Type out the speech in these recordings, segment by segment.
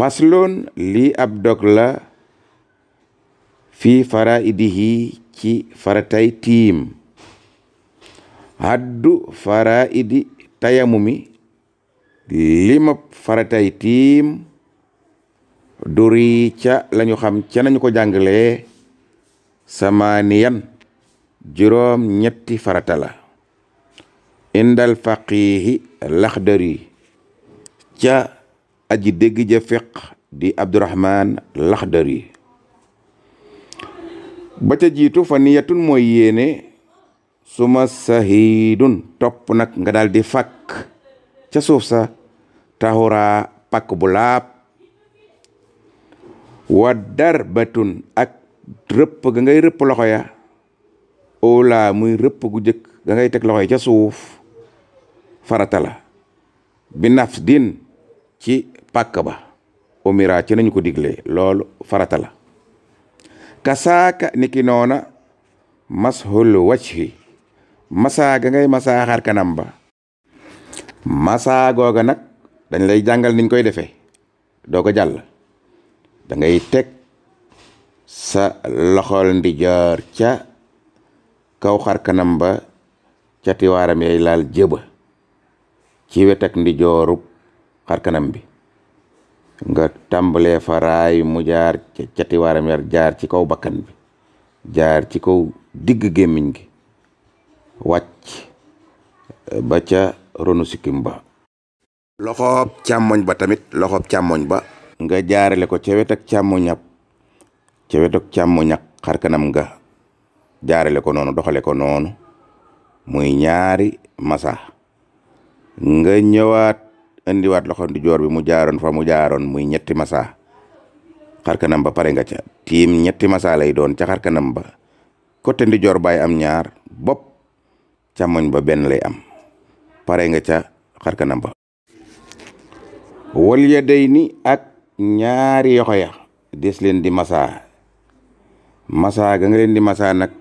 fasloon lii ab dog la fii faraidihi ci faratay tiim haddu faraidi tayamumi limab faratay tiim duri ca lañu xam ca nañu ko jàngalee yan juróom ñetti farata la indal lax laxdari ca aji dégg ja fiq di abdurahman laxdari ba ca jiitu fa niyatun mooy yéene suma sahidun topp nag nga daldi fakk ca suuf sa taxuraa pakk bu laab wa darbatun ak rëpp ga ngay rëpp loxo ya ola muy rëpp gu jëkk ga ngay teg loxo ya ca suuf farata la bi naf din ci pàkk ba umira ci nañu ko diglee loolu farata la kasaaka niki noona mashul wajhi masaa ga ngay masaa xar kanam ba masaa googa nag dañ lay jàngal niñ koy defe doo ko jàll dangay ngay teg sa loxol ndijoor ca kaw xar kanam ba ca tiwaaram yay laal jëba ci wet ak ndijoorub xar bi nga tàmbalee fa mu jaar ca jaar ci kaw bakkan bi jaar ci kaw digg gémmiñ gi wàcc eh, ba ca ronu sikkim ba loxoob càmmoñ ba tamit loxoob càmmoñ ba nga jaarale ko ca wet ak càmmoñab ca wet ak nga jaarale ko noonu doxale ko noonu muy ñaari masa nga ñëwaat indiwaat loxo ndijoor bi mu jaaroon fa mu jaaroon muy ñetti masa xarkanam ba pare nga ca tiim ñetti masa lay doon ca xarkanam ba côté ndijoor bàyyi am ñaar bopp càmmoñ ba benn lay am pare nga ca xarkanam ba wal day ni ak ñaari yoxo ya des leen di masa masa ga nga leen di masa nag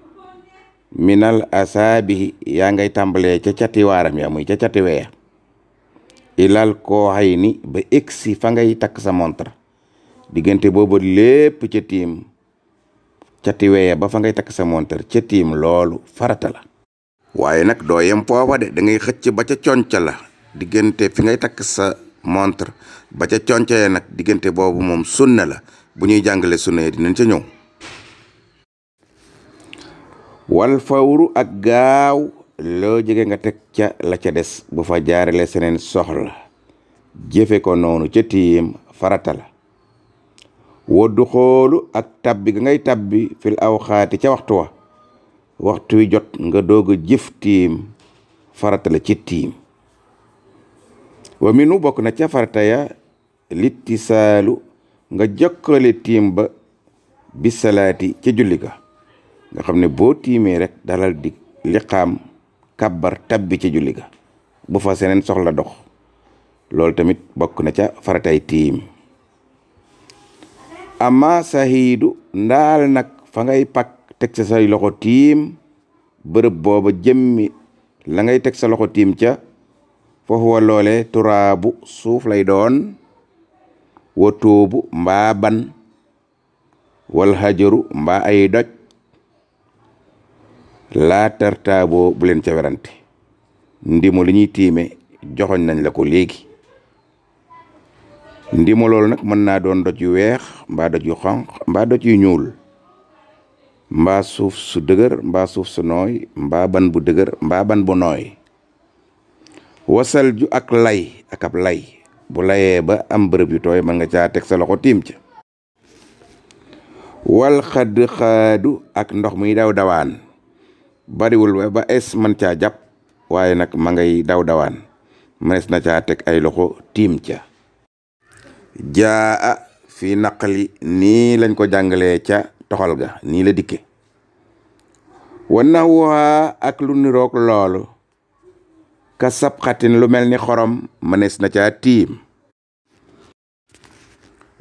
minal asaabihi yaa ngay tàmbalee ca cati waaram ya muy ca cati weya ilal koo xay ni ba egsi fa ngay takk sa montre diggante boobu lépp ca tiim ca ba fa ngay takk sa montre ca tiim loolu farata la waaye nag doo foofa de da ngay xëcc ba ca conca la diggante fi ngay takk sa montre ba ca conca ya nag diggante boobu moom sunna la bu ñuy jàngale sunna ya dinañ ca ñëw wal fawru ak gaaw loo jege nga teg ca la ca des bu fa jaarale seneen soxla jëfe ko noonu ca tiim farata la woddu xoolu ak tabbi ga ngay tabbi fil aw xaati ca waxtu wa waxtu wi jot nga doog a jëf tiim farata la ci tiim wa minu bokk na ca farata ya littisaalu nga jokkale tiim ba bi salaati ca julli ga nga xam ne boo tiimee rekk dalal di liqaam kàbbar tabbi ci julli ga bu fa seneen soxla dox loolu tamit bokk na ca faratay tiim amma sahiidu ndaal nag fa ngay pak teg sa say loxo tiim bërëb booba jëmmi la ngay teg sa loxo tiim ca foofu wa loole turaabu suuf lay doon wa tóobu mbaa ban wal hajaru mbaa ay doj laa tartaaboo bu leen ca werante ndimo li ñuy tiime joxoñ nañ la ko léegi ndimu loolu nag mën naa doon doj yu weex mbaa doj yu xonq mbaa doj yu ñuul mbaa suuf su dëgër mbaa suuf su nooy mbaa ban bu dëgër mbaa ban bu nooy wasal ju ak lay ak ab lay bu layee ba am bërëb yu tooy mën nga caa teg sa loxo tiim ca wal xadd xaadu ak ndox muy daw dawaan bariwul ba es man caa jàpp waaye nag ma ngay daw dawaan mënees na caa teg ay loxo tiim ca jaa fi li nii lañ ko jàngalee ca toxal ga nii la dikke wana waa ak lu nirook loolu ka sabxatin lu mel ni xorom mënees na caa tiim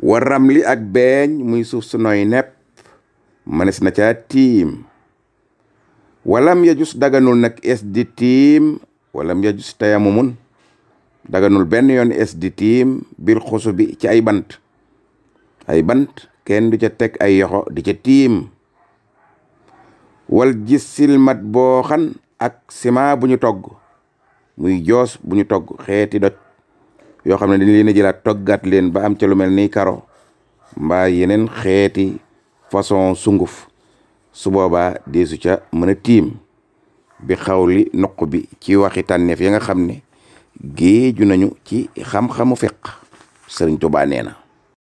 waram li ak beeñ muy suuf su nooy nepp mënees na caa tiim walam yajus daganul nag es di tiim walam yajus tayamumun daganul benn yoon es di tiim biir xusu bi ci ay bant ay bant kenn du ca teg ay yoxo di ca tiim wal gisil mat boo xan ak ciment bu ñu togg muy joos bu ñu togg xeeti doj yoo xam ne dañ leen a jëlaat toggaat leen ba am ca lu mel ni karo mbaa yeneen xeeti façon sunguf su boobaa su ca mën a tiim bi xawli noq bi ci waxi tànneef ya nga xam ne géeju nañu ci xam-xamu fiq sëriñ Tuubaa na